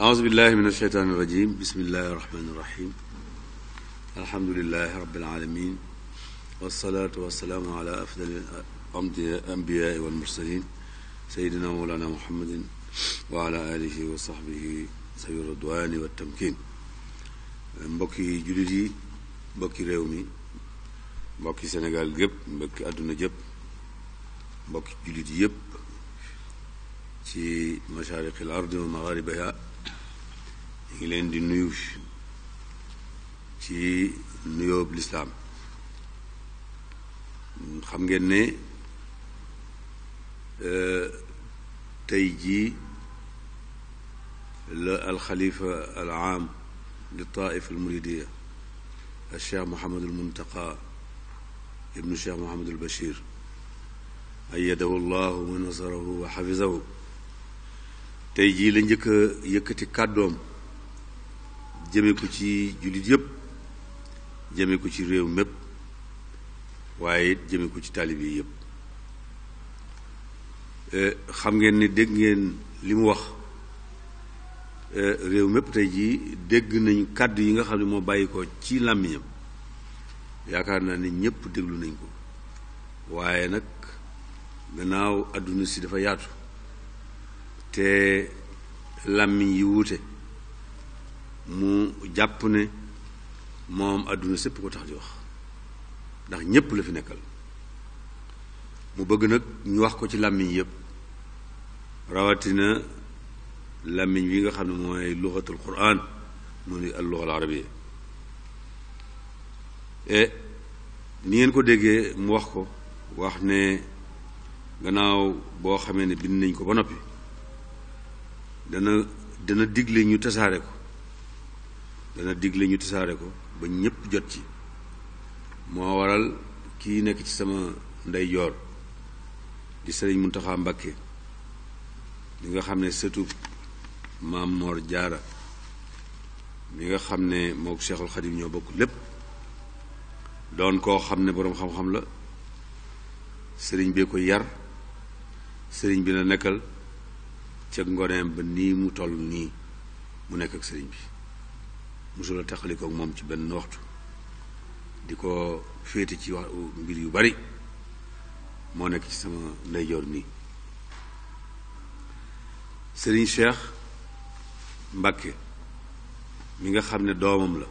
أعوذ بالله من الشيطان الرجيم بسم الله الرحمن الرحيم الحمد لله رب العالمين والصلاة والسلام على أفضل الأنبياء والمرسلين سيدنا مولانا محمد وعلى آله وصحبه سبيل الرضوان والتمكين mbokki jullit yi mbokki réew mi mbokki Sénégal gépp mbokki àdduna jëpp mbokki jullit yi yépp ci mashaariqil ardi wa magharibiha ngi leen di nuyu ci nuyoob lislaam xam ngeen ne e, tey jii la alxalifa al aam li taif al muridiya al cheikh mohamadul muntaqa ibnu cheikh mohamadul bachir ayadahu llahu wa nasarahu wa xafizahu tey jii la njëkk a yëkkati kàddoom jëme ko ci jullit yépp jëme ko ci réew mépp waaye jëme ko ci taalibe yi yépp euh, xam ngeen ni dégg ngeen li mu wax euh, réew mépp tey jii dégg nañ kàddu yi nga xam ne moo bàyyi ko ci làmmiñam yaakaar naa ne ñépp déglu nañ ko waaye nag gannaaw àdduna si dafa yaatu te làmmiñ yi wuute mu jàpp ne moom àdduna sépp ko tax di wax ndax ñépp la fi nekkal mu bëgg nag ñu wax ko ci làmmiñ yépp rawatina làmmiñ wi nga xam ne mooy luxatul quraan mu ni al luxa al arabiya e, ni ngeen ko déggee mu wax ko wax ne gannaaw boo xamee ne bind nañ ko ba noppi dana dana digle ñu tasaare ko dana digle ñu tasaare ko ba ñépp jot ci moo waral kii nekk ci sama ndeyjoor di sëriñ Muntaxa Mbakke li nga xam ne sëtub maam Moor Jaara mi nga xam ne mook Seexul Xadim ñoo bokk lépp doon koo xam ne boroom xam-xam la sëriñ bee ko yar sëriñ bi la nekkal ca ngoneem ba nii mu toll nii mu nekk ak sëriñ bi mosula taxalikook moom ci benn waxtu di ko féete ci wax mbir yu bari moo nekk ci sama ndeyjoor nii Serigne Cheikh Mbacke mi nga xam ne doomam la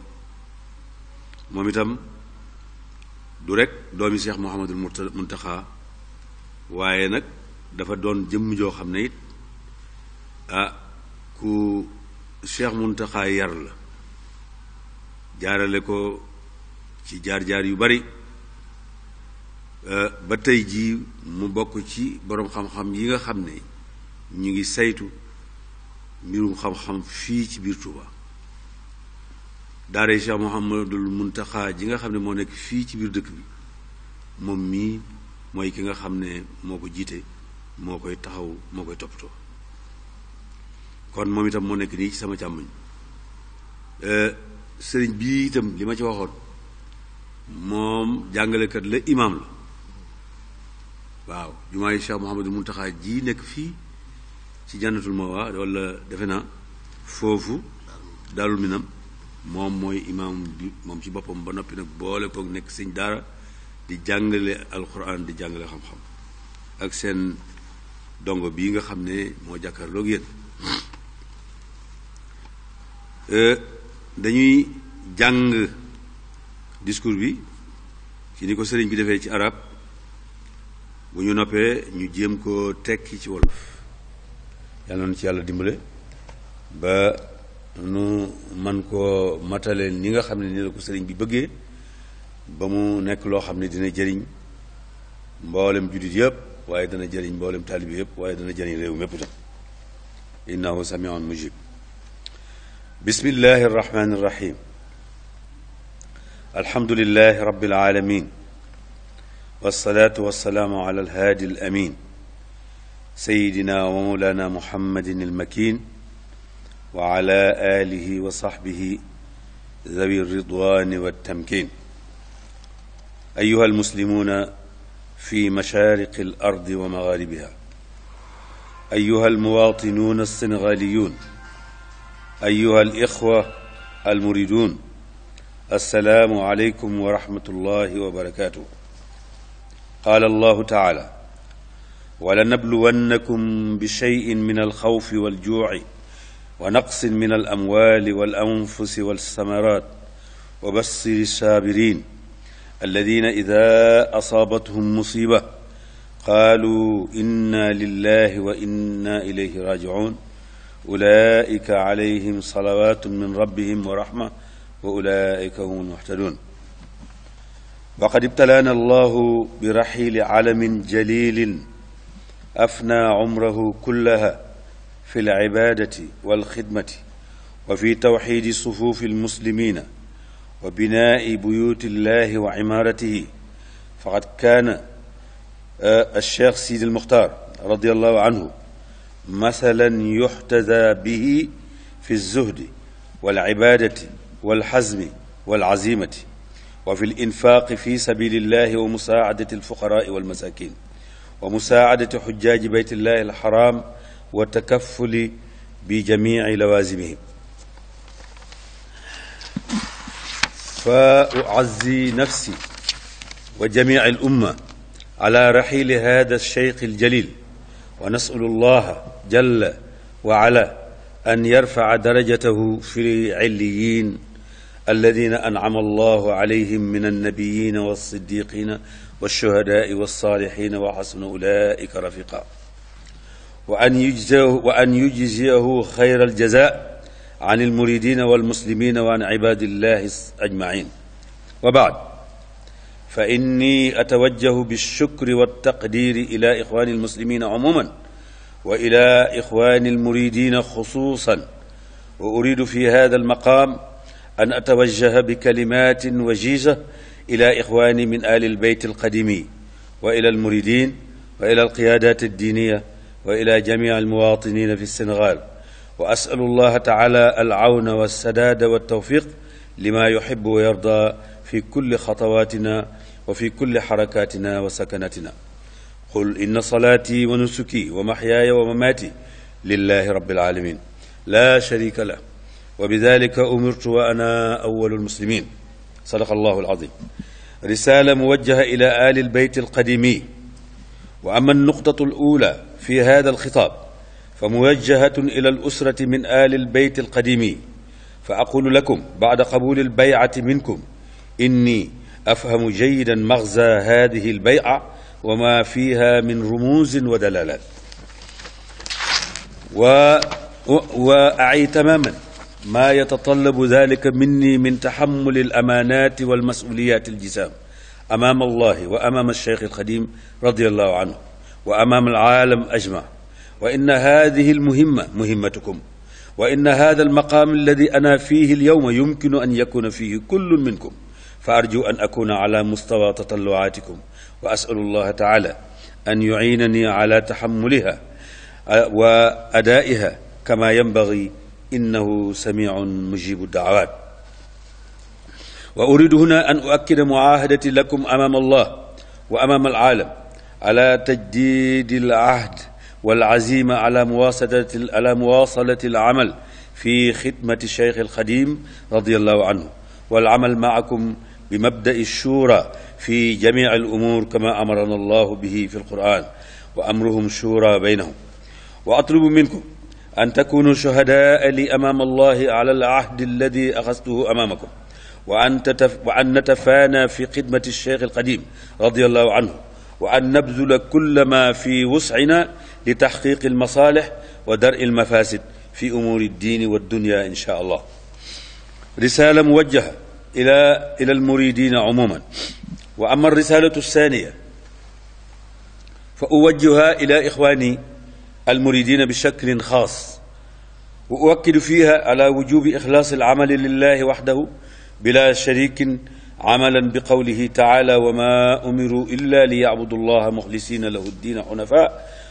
moom itam du rek doomi Cheikh Mouhamadul Muntaxa waaye nag dafa doon jëmm joo xam ne it ah, ku Cheikh Muntaxa yar la jaarale ko ci jaar-jaar yu bari euh, ba tey jii mu bokk ci boroom xam-xam yi nga xam ne ñu ngi saytu mbirum xam-xam fii ci biir Touba daare Cheikh mun taxaa ji nga xam ne moo nekk fii ci biir dëkk bi moom mii mooy ki nga xam ne moo ko jiite moo koy taxaw moo koy toppatoo kon moom itam moo nekk nii ci sama càmmoñ euh, sëriñ bii itam li ma ci waxoon moom jàngalekat la imaam la waaw jumaa yi Cheikh Mouhamadou Mountakha ji nekk fii ci jànnatul Mawa wala defe na foofu daalul minam moom mooy imaam bi moom ci boppam ba noppi nag boole kook nekk sëñ daara di jàngale alquran di jàngale xam-xam ak seen dongo bii nga xam ne moo jàkkaarloog yéen euh, dañuy jàng discours bi ci ni ko sëriñ bi defee ci arab bu ñu noppee ñu jéem ko tekki ci wolof yàlla na ci yàlla dimbale ba nu man koo matale ni nga xam ne ni la ko sëriñ bi bëggee ba mu nekk loo xam ne dina jëriñ mboolem juddit yëpp waaye dana jëriñ mboolem taalibi yëpp waaye dana jëriñ réew mépp tam innahu samiun mujib bismillahi irrahmani irrahim alhamdulilahi rabbil alamin walsalaatu walsalaamu ala alhaadi alamin sayidina wa mawlana muhammadin almakin wa ala alihi wa saxbihi zawi ridwani waltamkin ayuha almuslimuuna fi mashaariqi alardi wa magaaribiha ayuha almuwaatinuuna alsenegaaliyuun أيها الإخوة المريدون السلام عليكم ورحمة الله وبركاته قال الله تعالى ولنبلونكم بشيء من الخوف والجوع ونقص من الأموال والأنفس والثمرات وبشر الصابرين الذين إذا أصابتهم مصيبة قالوا إنا لله وإنا إليه راجعون ulaika alayhim salawatu min rabbihim wa rahma wa ulaika hum muhtadun waqad ibtalaana allahu bi raxiili alamin jalilin afnaa umrahu kullaha fi lcibaadati walxidmati wa fi tawxiidi sufuufi almuslimiina wa binaai buyuuti illahi wa cimaaratihi faqad kaana alcheikh sidi almuxtaar radiallahu anhu masalan yuxtada bihi fi zuhdi walcibaadati walxazmi walcazimati wa fi linfaaqi fi sabilillahi wa musaacadati alfuqaraai walmasakin wa musaacadati xujjaaji beytillahi alxaram wa takafuli bi jamici lawaasimihim fa uazzi nafsi wa jamici alumma ala raxiili hada alsheyq aljalil wa nasalu allaha jalla wa ala an yarfaca darajatahu fi cilliyin alladina ancama allahu calayhim min annabiyina walsiddiqina walshuhadaai walsaalixina wa xasuna ulaika rafiqa wa an yujziyahu wa an yujziyahu xayra aljaza an almuridina walmuslimina wa an cibaadillahi ajmacin wa baad fa inni atawajjahu bilshukri waltaqdiri ila ixwaani almuslimina cumuman wa ila ixwaani almuridina xusuusan wa uridu fi hada almaqaam an atawajjaha bi kalimatin wajiza ila ixwaani min ali albayt alqadimi wa ila almuridin wa ila alqiyadat aldiniya wa ila jamic almuwatinina fi Sénégal wa asalu llaha taala alcawna walsadaada waltawfiq lima yuxibu wa yarda fi kulli xatawaatina wa fi kulli xarakaatina wa sakanatina qul inna salaati wa nusuki wa maxyaaya wa mamaati lillahi rabbil alamin la sharika lah wa bidalika umirtu wa ana awwalu lmuslimin sadaqa allahu alazim risala muwajjaha ila ali albayt alqadimi wa ama alnuqtatu alula fi hada alxitab فموجهة إلى الأسرة من آل البيت القديم فأقول لكم بعد قبول البيعة منكم إني أفهم جيدا مغزى هذه البيعة wa ma fiha min rumuuz wa dalaalaat wa wa ay tamaaman maa yatatallabu dalika minni min taxamuli al-amaanaati wal mas'uuliyaati al-jisaam amaama Allahi wa amaama Cheikh al-Xadiim radiyallahu anhu wa amaama al-aalam ajma wa inna haadihi al-muhimma muhimmatukum wa inna haadha al-maqaam alladi ana fiihi al-yawma yumkinu an yakuuna fiihi kullun minkum fa arju an akuuna ala mustawa tatalluaatikum wa asalu allaha taala an yuinani ala taxamuliha wa adaiha kama yanbagi innahu samiun mujibu daawaat wa uridu huna an uakkida muahadati lakum amaam allah wa amaam alaalam ala tajdidi alahd walazima ala muwasalati ala muwasalati alamal fi xidmati cheikh alxadim radiallahu anhu walamal maakum bi mabdai shura fi jamii al umuur kama amarana allahu bihi fi alquran wa amruhum shura baynahum wa atlubu minkum an takunu shuhadaa li amaam allahi ala al ahdi alladi axastuhu amaamakum wa an wa an natafaana fi xidmati alcheikh alqadim radiallahu anhu wa an nabzula kulla ma fi wuscina li taxqiqi almasaalix wa dar'i almafasid fi umuuri addiini waddunya insha allah risaala muwajjaha ila ila almuridina umuman wa ama alrisalatu althaniya fa uwajjuha ila ixwaani almuridina bi shaklin xaas wa uwakkidu fiha ala wujubi ixlaas alcamali lillahi waxdahu bila sharikin amalan bi qawlihi taala wa ma umiru illa li yacbudu allaha muxlisina lahu ddiina xunafa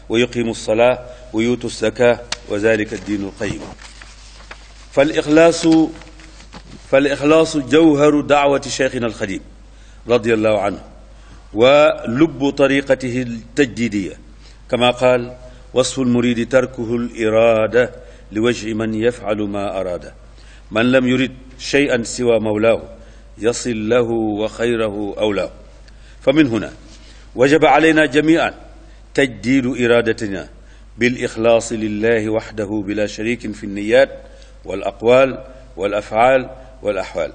wa yuqimu alsalaa wa yuutu alzaka wa dalika addiinu alqayim fal ixlaasu fal ixlaasu jawharu dacwati cheikhina alxadim radiyallahu anhu wa lubbu tariqatihi ltajdiidiya kama qaal wasfu lmuridi tarkuhu liraada li wajhi man yafcalu ma araada man lam yurid cheyan siwa mawlaahu yasil lahu wa xayrahu awlaahu fa min huna wajaba alayna jamian tajdiidu iraadatina بالإخلاص لله وحده بلا شريك في النيات والأقوال والأفعال والأحوال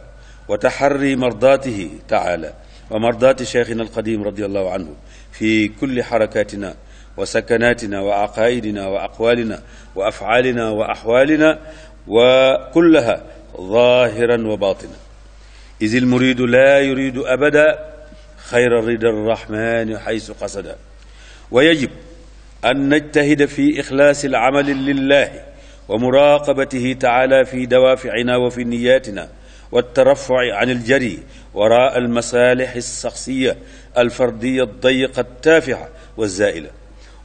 wa taxarri mardatihi taala wa mardati cheikhina alqadim radiallahu anhu fi kulli xarakatina wa sakanatina wa aqaaidina wa aqwalina wa afcaalina wa axwaalina wa kullaha zahiran wa batina is il muridu laa yuridu abada xayra rida arrahmani xaysu qasada wa yajib an najtahida fi ixlaasi alcamali lillahi wa muraqabatihi taala fi dawaaficina wa fi niyatina والترفع عن الجري وراء المصالح الشخصية الفردية الضيقة التافهة والزائلة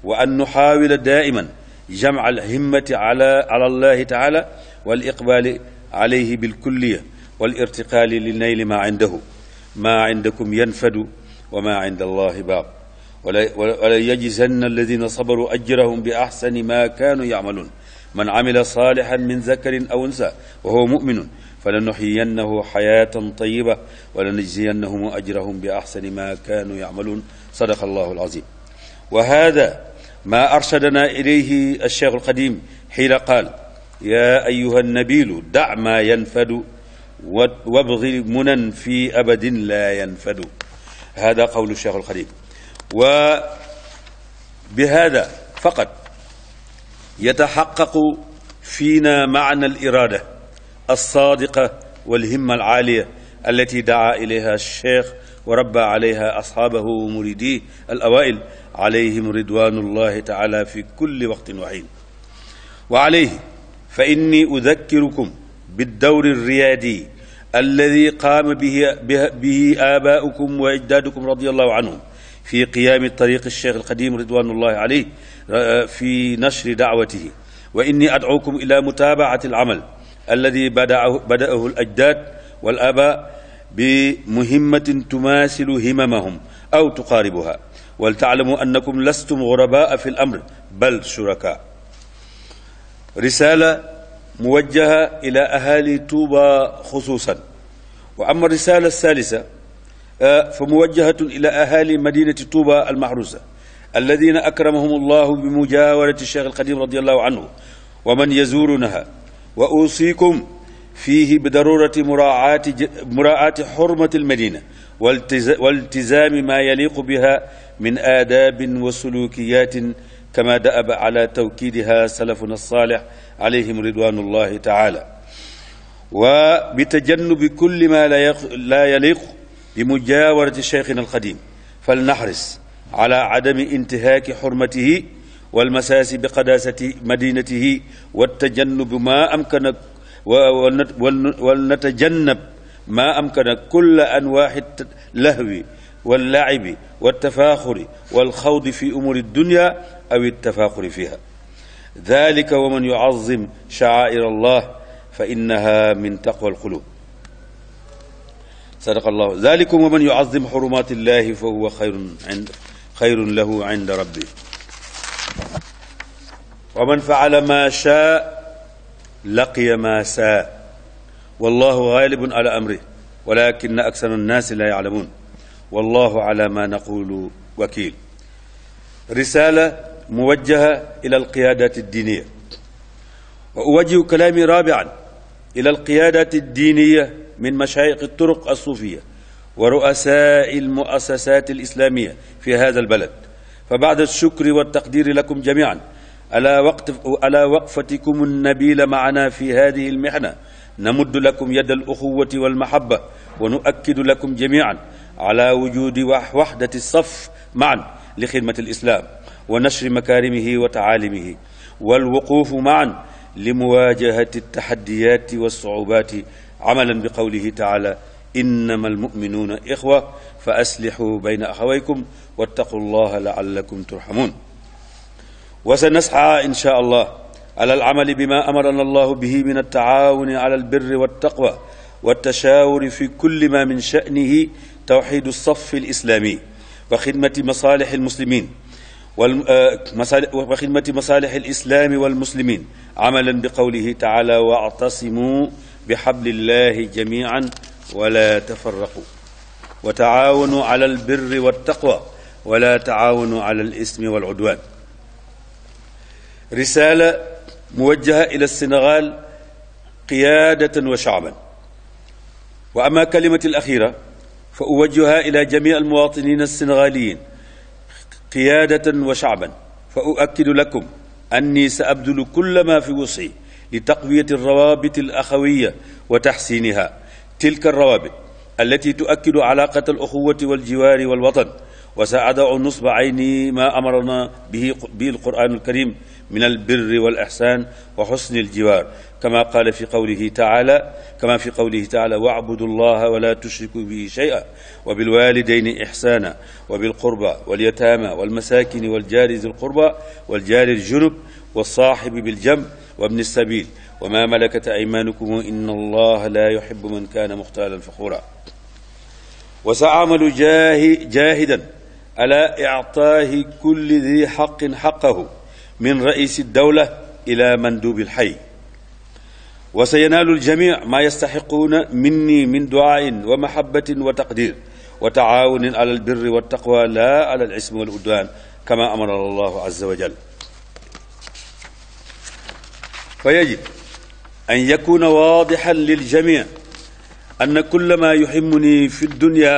وأن نحاول دائما جمع الهمة على على الله تعالى والإقبال عليه بالكلية والارتقال لنيل ما عنده ما عندكم ينفد وما عند الله باق وليجزن الذين صبروا أجرهم بأحسن ما كانوا يعملون من عمل صالحا من ذكر أو أنثى وهو مؤمن fa la nuxiyannahu xayaatan tayiba wa la najziyannahum ajrahum bi axsani ma kaanu yacmaluun sadaqa allahu alazim wa hada ma arshadana ilayhi alcheikh alqadim xiina qaal ya ayuha alnabilu dac ma yanfadu wabgi munan fi abadin la yanfadu hada qawlu alcheikh alqadim wa bi hada faqat yataxaqaqu fiina macna aliraada الصادقة والهمة العالية التي دعا إليها الشيخ وربى عليها أصحابه ومريديه الأوائل عليهم رضوان الله تعالى في كل وقت وحين وعليه فإني أذكركم بالدور الريادي الذي قام به, به, به آباؤكم وأجدادكم رضي الله عنهم في قيام طريق الشيخ القديم رضوان الله عليه في نشر دعوته وإني أدعوكم إلى متابعة العمل alladi badaahu badaahu al ajdaad wal aba bi muhimmatin tumaasilu himamahum aw tuqaaribuha wal taalamu annakum lastum gurabaa fi l amr bal shuraka risaala muwajjaha ila ahali tuuba xusuusan wa ama risaala saalisa fa muwajjahatun ila ahali madinati tuuba almahrusa alladina akramahum allahu bi mujaawarati cheikh alxadim radiallahu anhu wa man yazurunaha wa usikum fiihi bi darurati muraaati muraaati xurmati almadina waltizaami maa yaliqu biha min aadaabin wa sulukiyatin kama daaba ala tawkiidiha salafuna alsaalix alayhim ridwanu allahi taala wa bitajannubi kulli ma laa yaliqu bi mujaawarati cheikhina alqadim falnaxris ala adami intihaaki xurmatihi walmasaasi bi qadaasati madinatihi wa tajannubu maa amkana wal natajannab maa amkana kulla anwaaxi lahwi wallacibi waltafaaxuri walxawdi fi umuuri dunya aw altafaaxuri fiha dalika wa man yucazim shacaair allah fa innaha min taqwa alqulub sadaqa allahu dalikum wa man yucazim xurumaati illahi fa huwa xayrun lahu cinda rabbi wa man faala ma shaa laqiya ma saa wallahu gaalibun ala amri walakin aksar annaasi la yaalamuun wallahu ala ma naqulu wakiil risaala muwajjaha ila alqiyaadaati addiiniya wa uwajjihu kalaami raabian ila alqiyaadaati addiiniya min mashaayiq alturuq alsuufiya wa ru'asaai almuassasaati alislaamiya fi hada albalad fa bacda alshukri waltaqdiiri lakum jamiican ألا, وقف ألا وقفتكم النبيل معنا في هذه المحنة نمد لكم يد الأخوة والمحبة ونؤكد لكم جميعا على وجود وحدة الصف معا لخدمة الإسلام ونشر مكارمه وتعاليمه والوقوف معا لمواجهة التحديات والصعوبات عملا بقوله تعالى إنما المؤمنون إخوة فأسلحوا بين أخويكم واتقوا الله لعلكم ترحمون وسنسعى إن شاء الله على العمل بما أمرنا الله به من التعاون على البر والتقوى والتشاور في كل ما من شأنه توحيد الصف الإسلامي وخدمة مصالح المسلمين وخدمة مصالح الإسلام والمسلمين عملا بقوله تعالى واعتصموا بحبل الله جميعا ولا تفرقوا وتعاونوا على البر والتقوى ولا تعاونوا على الإثم والعدوان risaala muwajjaha ila Sénégal qiyaadatan wa shaaban wa ama kalimati alaxira fa uwajjuha ila jami almuwatinin alsénégaliyin qiyaadatan wa shaaban fa uakkidu lakum anni sa abdulu kulla ma fi wusi li taqwiyati alrawabit alaxawiya wa taxsiniha tilka alrawabit التي تؤكد علاقة الأخوة والجوار والوطن وسأضع نصب عيني ما أمرنا به القرآن الكريم min albirri wal ixsan wa xusni aljiwaar kama qaala fi qawlihi taala kama fi qawlihi taala wacbudu llaha wala tushriku bihi shay'a wa bilwalidayni ixsaana wa bilqurba walyataama walmasakini waljaari zi lqurba waljaari aljunub walsaaxibi biljanb wa bni sabil wa ma malakat aymaanukum inna allaha la yuhibbu man kaana muxtaalan faxuura wa saamalu jaahidan ala ictaahi kulli di xaqin xaqahu من رئيس الدولة إلى مندوب الحي وسينال الجميع ما يستحقون مني من دعاء ومحبة وتقدير وتعاون على البر والتقوى لا على الإثم والعدوان كما أمر الله عز وجل فيجب أن يكون واضحا للجميع أن كل ما يهمني في الدنيا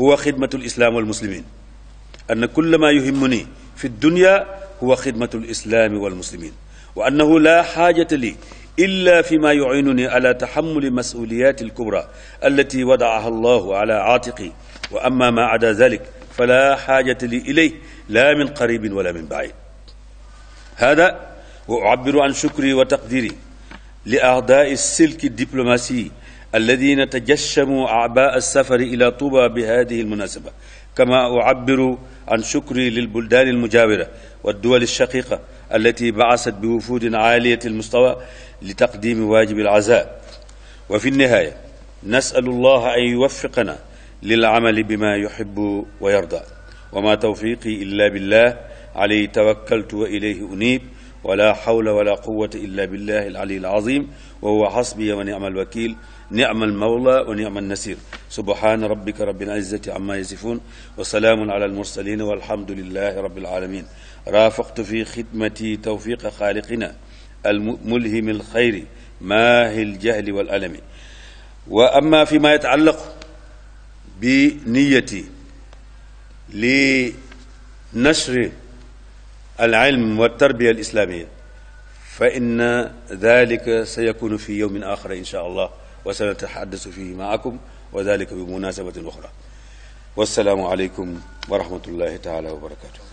هو خدمة الإسلام والمسلمين أن كل ما يهمني في الدنيا huwa xidmatul islaami wal muslimin wa annahu la xaajata li illa fi ma yuinuni ala taxamuli masuliyati alkubra allati wadaaha allahu ala aatiqi wa amma ma ada dalik fala xaajata li ilayh la min qaribin wala min baid hada wa ucabiru an shukri wa taqdiri li aadaai silki diplomasi alladina tajashamuu acbaa alsafari ila tuba bi hadihi almunasaba kama ucabiru an shukri lilbuldaani almujaawira والدول الشقيقة التي بعثت بوفود عالية المستوى لتقديم واجب العزاء وفي النهاية نسأل الله أن يوفقنا للعمل بما يحب ويرضى وما توفيقي إلا بالله عليه توكلت وإليه أنيب ولا حول ولا قوة إلا بالله العلي العظيم وهو حسبي ونعم الوكيل نعم المولى ونعم النصير سبحان ربك رب العزة عما يصفون وسلام على المرسلين والحمد لله رب العالمين رافقت في خدمتي توفيق خالقنا الملهم الخير ماهي الجهل والألم وأما فيما يتعلق بنيتي لنشر العلم والتربية الإسلامية فإن ذلك سيكون في يوم آخر إن شاء الله wa sanatahaddasu fihi maakum wa dalika bi munasabatin uxra wassalaamu aleykum wa rahmatullahi taala wa barakatuh